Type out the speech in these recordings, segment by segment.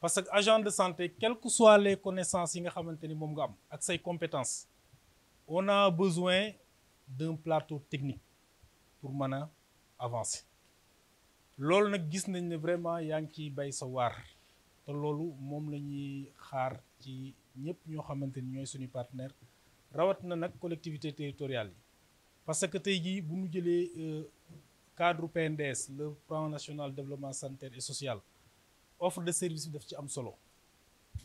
parce que agent de santé quelles que soient les connaissances yi nga compétences on a besoin d'un plateau technique pour maintenant avancer Ce nag gis ne vraiment yaa c'est bay sa savoir, te lolu mom lañuy xaar ci ñepp ñoo xamanteni ñoy partenaire rawat na collectivité territoriale parce que tay ji bu ñu euh, cadre PNDS le plan national de développement sanitaire et social offre de service de am solo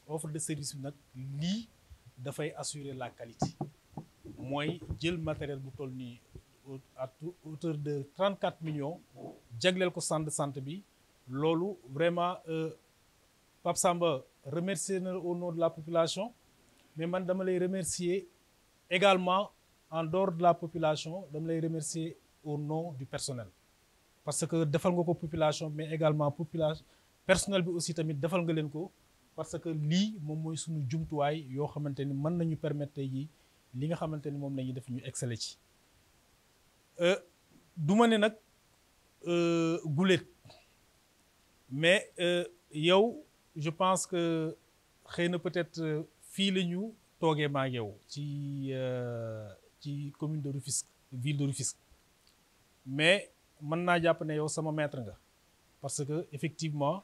offre de service nak li da assurer la qualité moy jël matériel bu toll ni à hauteur de 34 millions jagleel ko centre de santé bi lolu vraiment euh, Pape Samba remercier au nom de la population mais man dama remercier également en dehors de la population dama lay remercier au nom du personnel parce que defal nga la population mais également population personnel bi aussi tamit defal nga leen ko parce que lii moom mooy suñu jumtuwaay yoo xamante ni mën nañu permettre tey jii li nga xamante ni moom la def ñu exceller ci euh, du ma ne nag euh, guléet mais euh, yow je pense que xëy na peut-être fii la ñu toogee maa yow ci ci commune de Rufisque ville de Rufisque mais mën naa jàpp ne yow sama maître nga parce que effectivement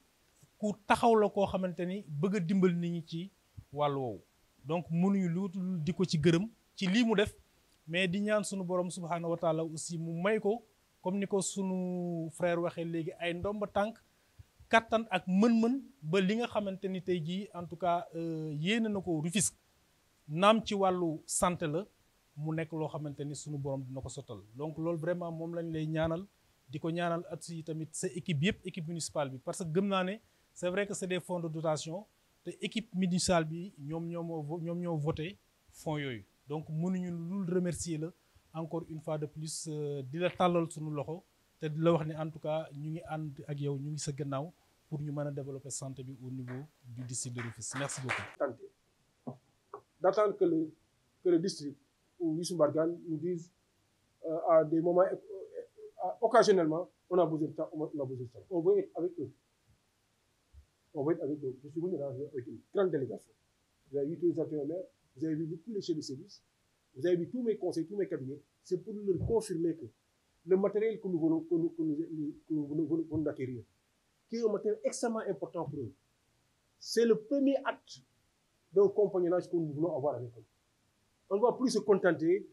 ku taxaw la koo xamante ni bëgg a dimbal nit ñi ci wàll woowu donc mënuñu lu di ko ci gërëm ci lii mu def mais di ñaan sunu borom subhaanahu wa taala aussi mu may ko comme ni ko sunu frère waxee léegi ay ndomba tànk kàttan ak mën-mën ba li nga xamante ni tey jii en tout cas euh, yéene na ko Rufisque naam ci wàllu sante la mu nekk loo xamante ni sunu borom dina ko sottal donc loolu vraiment moom lañ lay ñaanal di ko ñaanal at si tamit sa équipe yëpp équipe municipale bi parce que gëm naa c'est vrai que c'est des fonds de dotation de équipe municipale bi ñoom voté fonds yooyu donc nous lul remercier encore une fois de plus euh, di la tàllal suñu loxo avons la en tout cas nous ngi ànd ak yow ñu ngi pour nous développer la développer santé au niveau du district de Rufisque merci beaucoup. d'attendre que le que le district ou Youssou Bargan nous dise euh, à des moments euh, occasionnellement on a besoin de temps, on a besoin de temps, on veut être avec eux on va être avec vous avec une grande délégation. Vous avez vu tous les acteurs vous avez vu tous les chefs de service, vous avez vu tous mes conseils, tous mes cabinets. C'est pour leur confirmer que le matériel que nous voulons que nous, que qui est un matériel extrêmement important pour eux, c'est le premier acte d'un compagnonnage que nous voulons avoir avec eux. On ne va plus se contenter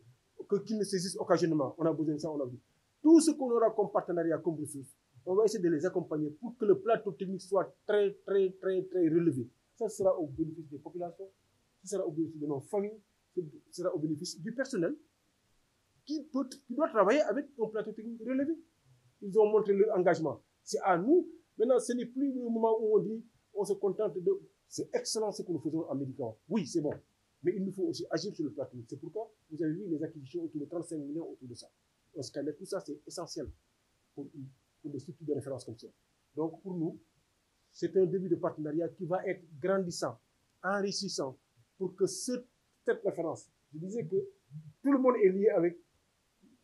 que qu'ils ne saisissent occasionnellement. On a besoin de ça, on a vu. Tout ce qu'on aura comme partenariat, comme ressources, on va essayer de les accompagner pour que le plateau technique soit très, très, très, très relevé. Ça sera au bénéfice des populations, ça sera au bénéfice de nos familles, ça sera au bénéfice du personnel qui, doit travailler avec un plateau technique relevé. Ils ont montré leur engagement. C'est à nous. Maintenant, ce n'est plus le moment où on dit on se contente de. C'est excellent ce que nous faisons en médicaments. Oui, c'est bon. Mais il nous faut aussi agir sur le plateau. C'est pourquoi vous avez vu les acquisitions autour de 35 millions autour de ça. se scanner, tout ça, c'est essentiel pour nous ou des structures de référence comme ça. Donc pour nous, c'est un début de partenariat qui va être grandissant, enrichissant, pour que cette, cette référence, je disais que tout le monde est lié avec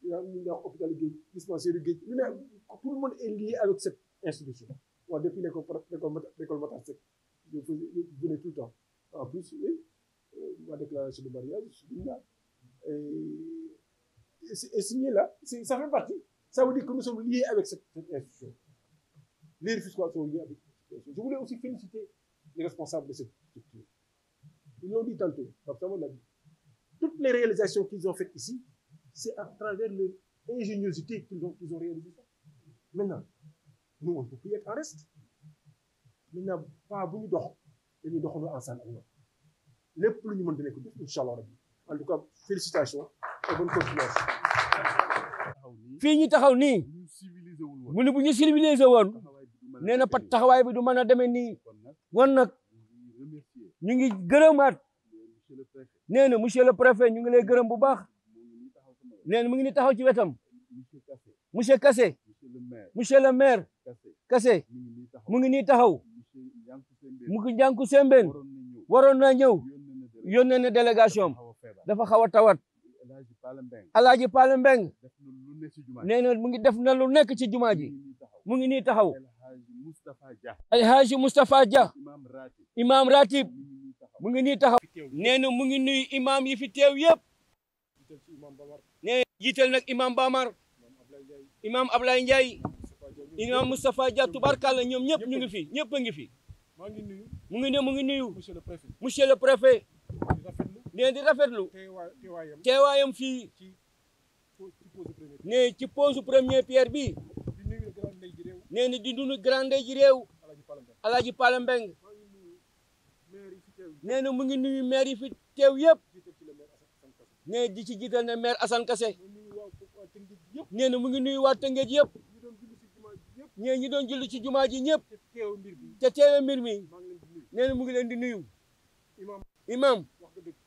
l'hôpital dispensaire Gate, tout le monde est lié avec cette institution. Moi, depuis l'école Matassek, je, venais tout le temps. En plus, oui, euh, ma déclaration de mariage, je suis là. Et, et, et signé là, ça fait partie. Ça veut dire que nous sommes liés avec cette, institution. Les réfugiés sont liés avec cette institution. Je voulais aussi féliciter les responsables de cette structure. Ils l'ont dit tantôt, l'a Toutes les réalisations qu'ils ont faites ici, c'est à travers l'ingéniosité qu'ils ont, réalisé ça. Maintenant, nous, on ne peut plus être en reste. Maintenant, pas beaucoup d'or. Et nous, nous, plus Le plus nous, nous, Inch'Allah. En tout cas, félicitations et bonne continuation. fii ñu taxaw nii mu ne bu ñu civilisé woon nee na pat taxawaay bi du mën a demee nii wan nag ñu ngi gërëmaat nee na monsieur le préfet ñu ngi lay gërëm bu baax nee mu ngi ni taxaw ci wetam monsieur Kassé monsieur le maire Kassé mu ngi nii taxaw mu ngi njànku sembeen waroon na ñëw yónnee na délégation dafa xaw a tawat alaaji Pala nee na mu ngi def na lu nekk ci jumaa ji mu ngi nii taxaw alhaaji Moustapha Dia imaam ratib mu ngi nii taxaw nee na mu ngi nuyu Imam yi fi teew yëpp nee jiital nag imaam Bamar imaam Ablaye Ndiaye imaam Moustapha Dia tubarkàlla ñoom ñëpp ñu ngi fi ñëpp ngi fi mu ngi mu ngi nuyu monsieur le di rafetlu ne ci pose première pierre bi nee na di nuyu grande ji réew Alaaji Pala Mbeng mu ngi nuyu maire yi fi teew yëpp ne di ci jiital ne maire Assane Kassé nee mu ngi nuyu waa Tëngéej yëpp ñee ñi doon julli ci jumaa ji ñëpp te teewe mbir mi nee mu ngi leen di nuyu imam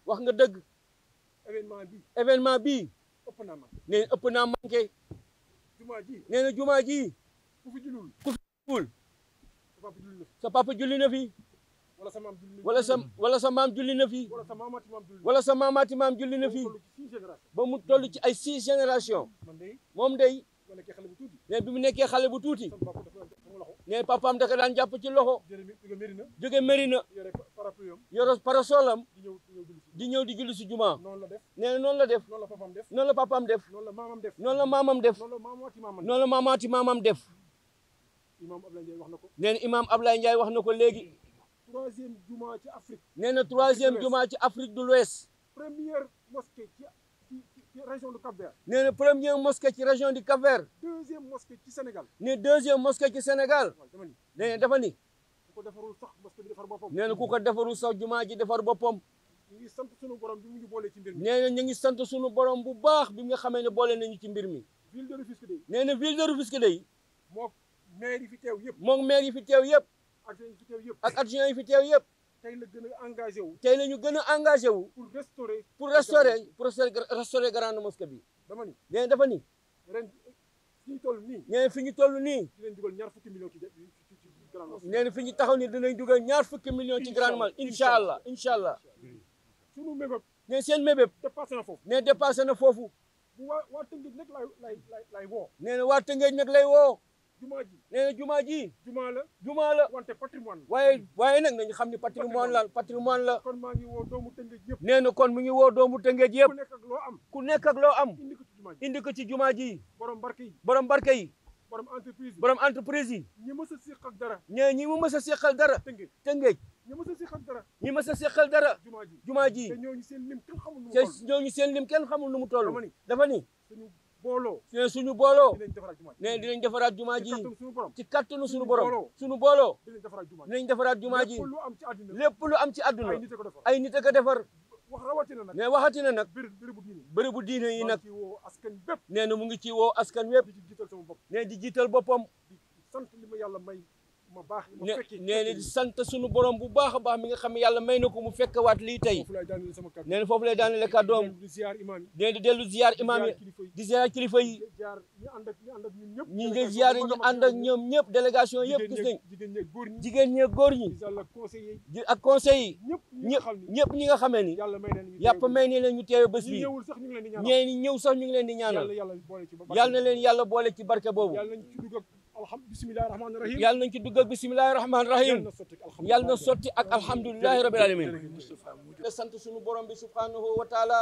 wax nga dëgg événement bi ëpp na ma nee na ëpp naa manqué nee na jumaa ji ku fi julul ku fi julul sa papa julli na fi wala sa maam julli wala sa wala sa maam julli na fi wala sa maamaati julli na fi ba mu toll ci ay six génération moom day ne bi mu nekkee xale bu tuuti ne papaam da ko daan jàpp ci loxo jóge Mérina yoro parasolam di ñëw di julli si jumaa nee na noonu la def noonu la papaam def noonu la maamam def noonu la maamaati maamam def nee na imaam Ablaye Ndiaye wax na ko léegi nee na troisième jumaa ci Afrique de l'Ouest ci région du Cap-Vert nee na première mosquée ci région du Cap-Vert deuxième mosquée ci Sénégal nee deuxième mosquée ci Sénégal nee na dafa ni ko defarul sax mosut bi defar boppam. nee na ku ko defarul sax jumaa ji defar boppam. ñu ngi sant sunu borom bi mu ngi boole ci mbir mi. nee na ñu bu baax bi nga xamee ne boole nañu ci mbir mi. ville de Rufisque day. nee na ville de Rufisque day. moom maire yi fi teew yëpp. moom maire yi fi teew yëpp. adjoint yi ak adjoint yi fi teew yëpp. tey la gën a engagé wu. tey ñu gën a engagé wu. pour restaurer. pour restaurer pour restaurer grande mosquée bi. dama ni nee dafa ni. ren fi ñu toll nii. fi ñu toll nii. dinañ dugal ñaar fukki millions ci nee na fi ñu taxaw ni dinañ dugal ñaar fukki millions ci Grand Magal incha allah incha allah sunu mébéb nee seen mébéb dépassé na foofu nee dépassé na foofu waa waa Tëngéej nag lay lay lay woo nee na lay woo jumaa ji nee na jumaa ji jumaa la jumaa la wante waaye waaye nag nañu xam ne patrimoine la la kon maa ngi woo doomu Tëngéej yëpp nee na kon mu ngi woo doomu Tëngéej yëpp ku nekk ak am ku nekk ak loo am indi ko ci jumaa ji borom barke yi borom yi borom entreprise yi borom entreprise yi. ñi mës a seqal dara. ñee ñi mu mës a seqal dara. tëngeej tëngeej. ñi mës a seqal dara. ñi mës a seqal dara. jumaa ji jumaa ji. te ñooñu seen kenn xamul nu mu toll. te ñooñu seen lim kenn xamul nu mu toll. dafa ni dafa ni. suñu juma te suñu booloo. nee dinañ defaraat jumaa ji. ci kattanu suñu borom suñu booloo. dinañ defaraat jumaa ji lépp lu am ci àdduna. ay nit a ko defar wax rawatina nag ne waxatina nag bëri bu diine yi nag nee na mu ngi ci woo askan wépp ne di jiital boppam sant li ma yàlla may nee na di sant sunu borom bu baax a baax mi nga xam ne yàlla may na ko mu fekkawaat lii tey nee na foofu lay daanele kàddoom nee na dellu ziyaar imaam di ziyaar kilifa yi ñi ngi ñu ànd ak ñoom ñëpp délégation yëpp gis jigéen ñee góor ñi ak conseil ñëpp ñëpp ñi nga xamee ni yàpp may ne leen ñu teewe bés bi ñee ni ñëw sax ñu ngi leen di ñaanal yàlla leen yàlla boole ci barke boobu بسم الله الرحمن الرحيم يالنا نتي الله الحمد لله رب العالمين سانت سونو بوروم بي سبحانه وتعالى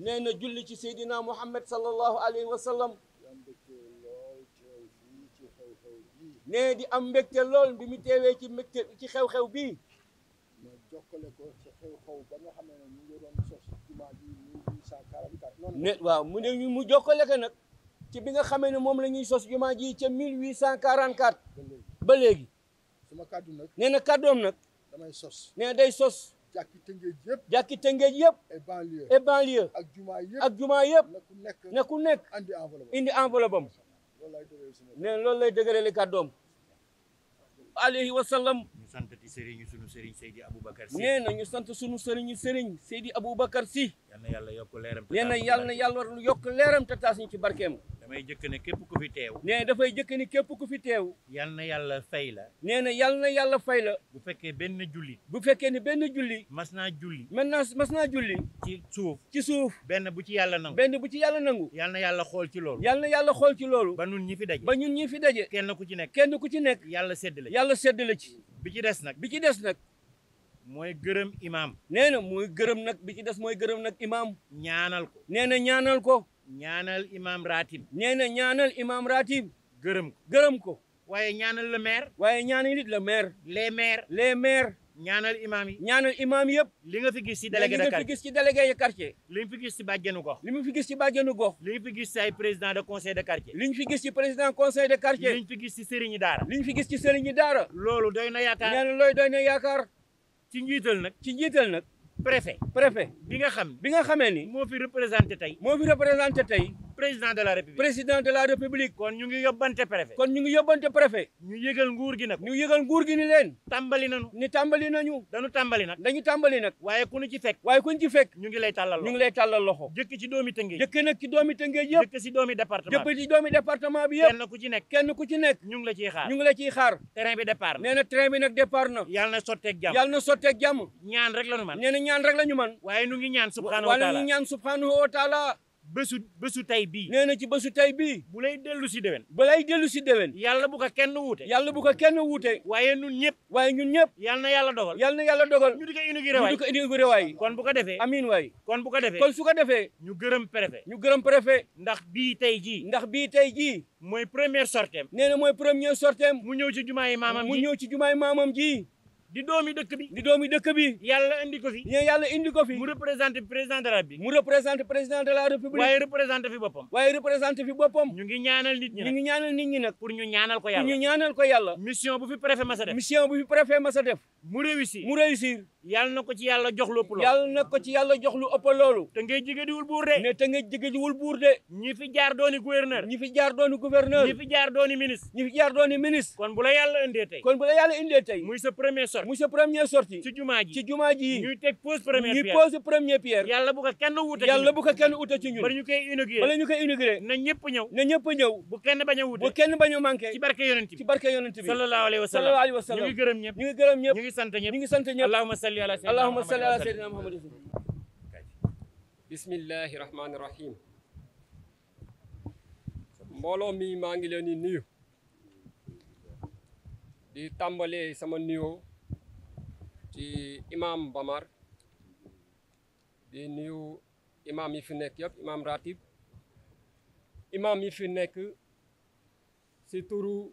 نينا جولي سيدنا محمد صلى الله عليه وسلم ني دي ام بكت لول بي مي تيوي مكت سي خيو خيو بي نيت واو مو ني مو جوكل كا ci bi nga xamee ne moom la ñuy sos jumaa ji ca 1844. ba léegi ba léegi. neen na kàddoom nag. damay sos nee day sos. jàkki tëngeej yëpp jàkki tëngeej yëpp. et banlieue et banlieue. ak jumaa yëpp ak jumaa yëpp. na ku nekk indi enveloppe am indi enveloppe am. nee na lay dëgërale kàddoom. alayhi wa sallam ñu sant di sëriñ sunu sëriñ Seydi Aboubacar si nee na ñu sant sunu sëriñ sëriñ Seydi Aboubacar si yal na yàlla yokk leeram nee na yal na yàlla yokk leeram te taas ñu ci barkeem damay jëkk ne képp ku fi teew nee dafay jëkk ne képp ku fi teew yal na yàlla fay la nee na yal na yàlla fay la bu fekkee benn julli bu fekkee ni benn julli mas naa julli maintenant mas naa julli ci suuf ci suuf benn bu ci yàlla nangu benn bu ci yàlla nangu yal na yàlla xool ci loolu yal na yàlla xool ci loolu ba ñun ñi fi daje ba ñun ñi fi daje kenn ku ci nekk kenn ku ci nekk yàlla sédd la yalla sedd la ci bi ci dess nak bi ci dess nak moy geureum imam neena moy geureum nak bi ci dess moy geureum nak imam ñaanal ko neena ñaanal ko ñaanal imam ratib neena ñaanal imam ratib geureum ko gërëm ko waye ñaanal le maire waye ñaanal nit le maire les maires les maires ñaanal imaam yi ñaanal imaam yëpp li nga fi gis ci délégué de quartier li nga fi gis ci délégué de quartier li nga fi gis ci bàjjenu gox li nga fi gis gox li nga fi gis ci ay président de conseil de quartier li nga fi gis ci président conseil de quartier li nga fi gis ci sëriñi daara loolu doy na yaakaar ñaanal loolu doy na yaakaar ci njiital nag ci njiital nag préfet préfet bi nga xam bi nga xamee ni moo fi représenté tey moo fi représenté tey président de la république président de la république kon ñu ngi yóbbante préfet kon ñu ngi yóbbante préfet ñu yëgal nguur gi nag ñu yëgal nguur gi ni leen tàmbali nañu ni tàmbali nañu dañu tàmbali nag dañu tàmbali nag waaye ku ñu ci fekk waaye ku ñu ci fekk ñu ngi lay tàllal ñu ngi lay tàllal loxo jëkk ci doomi tëngéej jëkk nag ci doomi tëngéej yëpp jëkk ci doomi département jëkk ci doomi département bi yëpp kenn ku ci nekk kenn ku ci nekk ñu ngi la ciy xaar ñu ngi la ciy xaar terrain bi départ nee na terrain bi nag départ na yàlla na sotteeg jàmm yàlla na sotteeg jàmm ñaan rek la ñu man nee na ñaan rek la ñu man waaye ñu ngi ñaan subhanahu wa taala waaye ñu ngi ñaan subhanahu wa taala bésu bésu tey bii. nee na ci bésu tey bii. bu lay dellu si déwén. bu lay dellu si déwén. yàlla bu ko kenn wuute. yàlla bu ko kenn wuute. waaye ñun ñëpp. waaye ñun ñëpp. yàlla na yàlla dogal. yàlla na yàlla dogal. ñu di ko inauguré waay ñu ko inauguré kon bu ko defee. amin waay. kon bu ko defee. kon su ko defee. ñu gërëm préfet. ñu gërëm préfet. ndax bii tey jii. ndax bii tey jii. mooy première sorteem. nee na mooy première sorteem. mu ñëw ci jumaa yi maamam mu ñëw ci jumaa yi maamam ji di de dëkk bi de doomi dëkk bi yàlla indi ko fi président de la République mu représenté président de la République waaye représenté fi boppam waaye représenté fi boppam ñu ngi ñaanal nit ñi ñu ngi ñaanal nit ñi nag pour ñu ñaanal ko yàlla ñu ñaanal ko yàlla mission bu fi préfet masa def mission bu fi préfet masa def mu réussir mu yàlla na ko ci yàlla jox lu ëpp loolu yàlla na ko ci yàlla jox lu ëpp loolu te ngay jige diwul buur de ne te ngay jige diwul buur de ñi fi jaar dooni gouverneur ñi fi jaar dooni gouverneur ñi fi jaar dooni ministre ñi fi jaar dooni ministre kon bu la yàlla indee tey kon bu la yàlla indee tey muy sa premier sortie muy sa premier sortie ci jumaa ji ci jumaa ji ñuy teg pose première pierre ñuy pose première pierre yàlla bu ko kenn wuute yàlla bu ko kenn wuute ci ñun bala ñu koy inauguré bala ñu koy inauguré na ñëpp ñëw na ñëpp ñëw bu kenn bañ a wuute bu kenn bañ a manqué ci barke yonent bi ci barke yonent bi sallallahu alayhi wa sallam ñu ngi gërëm ñëpp ñu ngi gërëm ñëpp ñu ngi sant ñëpp ñu ngi sant ñëpp salli ala sayyidina Allahumma salli ala sayyidina Muhammad Bismillahirrahmanirrahim. rahmaani rahim mbooloo mi maa ngi leen di nuyu di sama nuyoo ci imam Bamar di nuyu imam yi fi imam ratib imam yi fi turu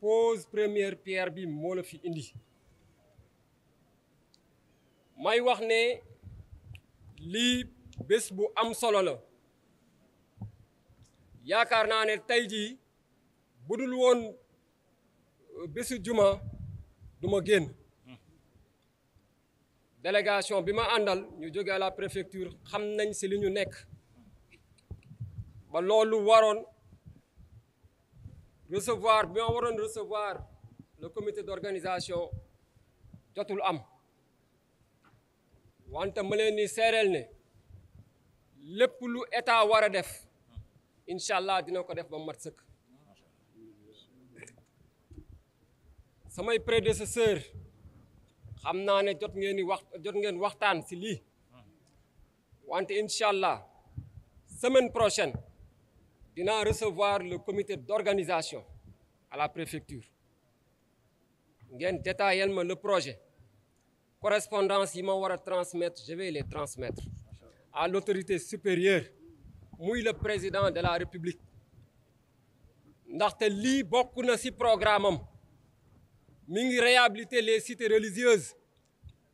pose première pierre bi fi indi may wax ne li bés bu am solo la yaakaar naa ne tey jii bu dul euh, juma délégation bima andal ñu jóge à la préfecture xam nañ li ñu nekk ba recevoir bi ma waroon recevoir le comité d'organisation jotul am wante ma leen ni seereel ne lépp lu état war a def incha allah dina ko def ba mat sëkk samay prédécesseur xam naa ne jot ngeen ni wax jot ngeen waxtaan ci lii wante incha allah semaine prochaine vais recevoir le comité d'organisation à la préfecture Je vais détailler le projet correspondance correspondances, transmettre je vais les transmettre à l'autorité supérieure muy le président de la république ndaxte lii na ci programme nous réhabiliter les cités religieuses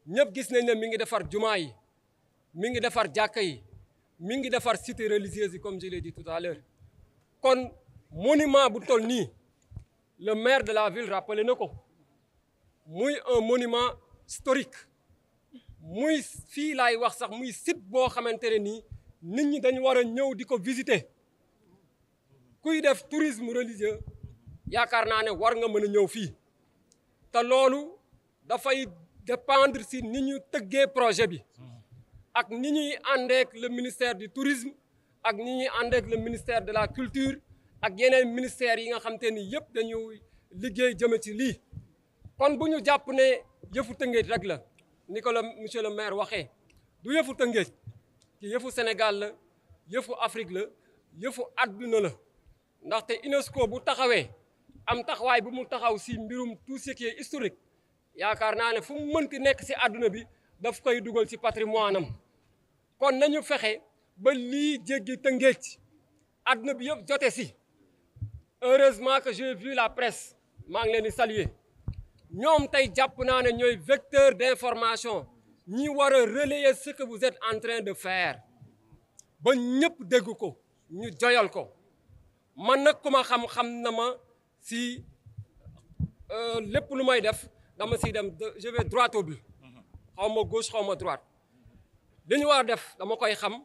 Nous gis nañ ne mi ngi defar des yi mi ngi cités religieuses comme je l'ai dit tout à l'heure kon monument bu toll le maire de la ville rappelle Noko, muy un monument historique muy fi laay wax sax muy site boo xamante ne nii nit ñi dañu war a ñëw di visiter kuy def tourisme religieux yaakaar naa war nga mën a fi. Ta lolu, da fay dépendre si ni ñu projet bi ak ni ñuy le ministère du tourisme ak ñi ñuy ànd ak le ministère de la culture ak yeneen ministères yi nga xam ni yëpp dañuy liggéey jëme ci lii kon bu ñu jàpp ne yëfu tëngéej rek la ni ko la monsieur le maire waxee du yëfu tëngéej ci yëfu senegal la yëfu Afrique la yëfu àdduna la ndaxte UNESCO bu taxawee am taxawaay bu mu taxaw si mbirum tout ce qui yaakaar naa ne fu mu mënti nekk si àdduna bi daf koy dugal ci patrimoine am kon nañu fexe ba lii jéggi Tëngéej àdduna bi yëpp jote si heureusement que j'ai vu la presse maa ngi leen saluer ñoom tey jàpp naa ne vecteur d'information ñi war relayer ce que vous êtes en train de faire ba ñëpp dégg ko ñu joyal ko man nag xam-xam na ma si euh, lépp lu may def dama siy dem je vais droit au but mhm. xaw ma gauche xaw ma droite li ñu war a def dama koy xam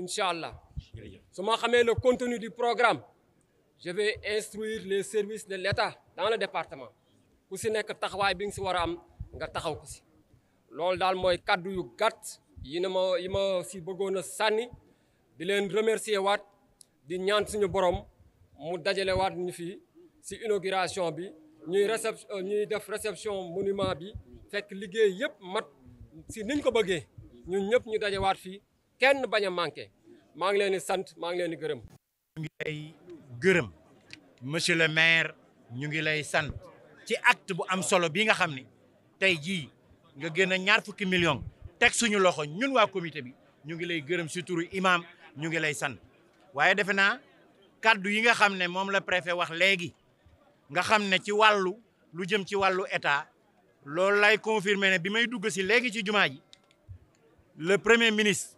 Inch'Allah, si je connais le contenu du programme je vais instruire les services de l'État dans le département Pour si bi a am nga taxaw ko si loolu daal mooy yu ne ma si remercier di ñaan suñu borom mu dajale inauguration bi euh, réception monument bi avons fait ce mat si ko kenn baña manké ma ngi leen sante sant ngi leen gërëm. ngi lay gërëm monsieur le maire ñu ngi lay sant ci acte bu am solo bi nga xamni tay ji nga gëna ñaar fukki million tek suñu loxo ñun wa comité bi ñu ngi lay gërëm ci turu imam ñu ngi lay sant waye defena naa kaddu yi nga xam mom moom la préfet wax légui nga xam ci walu lu jëm ci walu état lay confirmer ne bi may dugg si légui ci jumaaji le premier ministre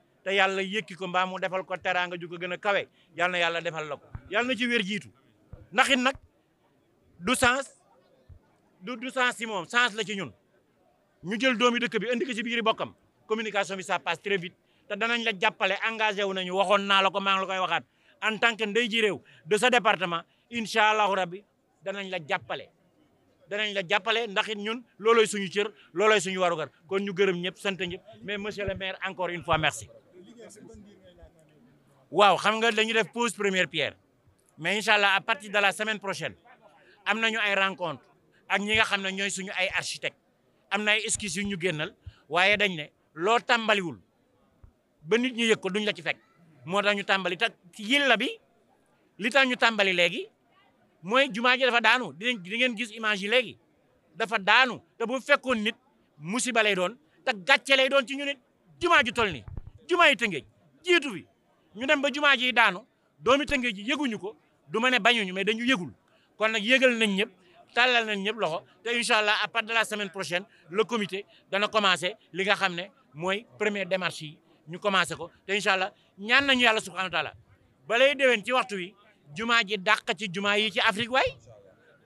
te yàlla yëkki ko mbaam mu defal ko teraanga ju ko gën a kawe yàlla na yàlla defal la ko yàlla na ci wér jiitu ndax it nag du sens du du sens si moom sens la ci ñun ñu jël doomi dëkk bi indi ko ci biir bokkam communication bi ça passe très vite te danañ la jàppale engagé wu nañu waxoon naa la ko maa ngi la koy waxaat en tant que ndey ji réew de sa département incha allahu rabbi danañ la jàppale danañ la jàppale ndax it ñun looloy suñu cër looloy suñu warugar kon ñu gërëm ñëpp sant ñëpp mais monsieur le maire encore une fois merci waaw xam nga dañu def pose première pierre mais incha allah à partir de la semaine prochaine am nañu ay rencontre ak ñi nga xam ne ñooy suñu ay architecte am na ay esquisse yu ñu génnal waaye dañ ne loo tàmbaliwul ba nit ñu yëg ko duñ la ci fekk moo tax ñu tàmbali te yil la bi li tax ñu tàmbali léegi mooy jumaa ji dafa daanu di ngeen gis image yi léegi dafa daanu te bu fekkoon nit musiba lay doon te gàcce lay doon ci ñu nit jumaa ju toll nii jumaa yi tëngéej jiitu wi ñu dem ba jumaa ji daanu doomi tëngéej ji yëguñu ko du ma ne bañuñu mais dañu yëgul kon nag yëgal nañ ñëpp tàllal nañ ñëpp loxo te incha allah à partir de la semaine prochaine le comité dana commencé li nga xam ne mooy première démarche yi ñu commencé ko te incha ñaan nañu yàlla subhanahu wa taala balay déwén ci waxtu wi jumaa ji dàq ci jumaa yi ci Afrique waay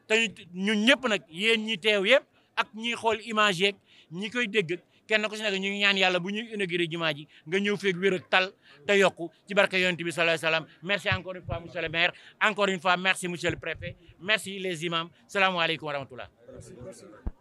te ñun ñëpp nag yéen ñi teew yëpp ak ñi xool image yeeg ñi koy dégg kenn ku si nekk ñu ngi ñaan yàlla bu ñuy inauguré jumaa ji nga ñëw feeg wér ak tal te yokku ci barke yonent bi sallallahu alayhi wasallam merci encore une fois monsieur le maire encore une fois merci monsieur le préfet merci les imams salaamaaleykum wa rahmatullah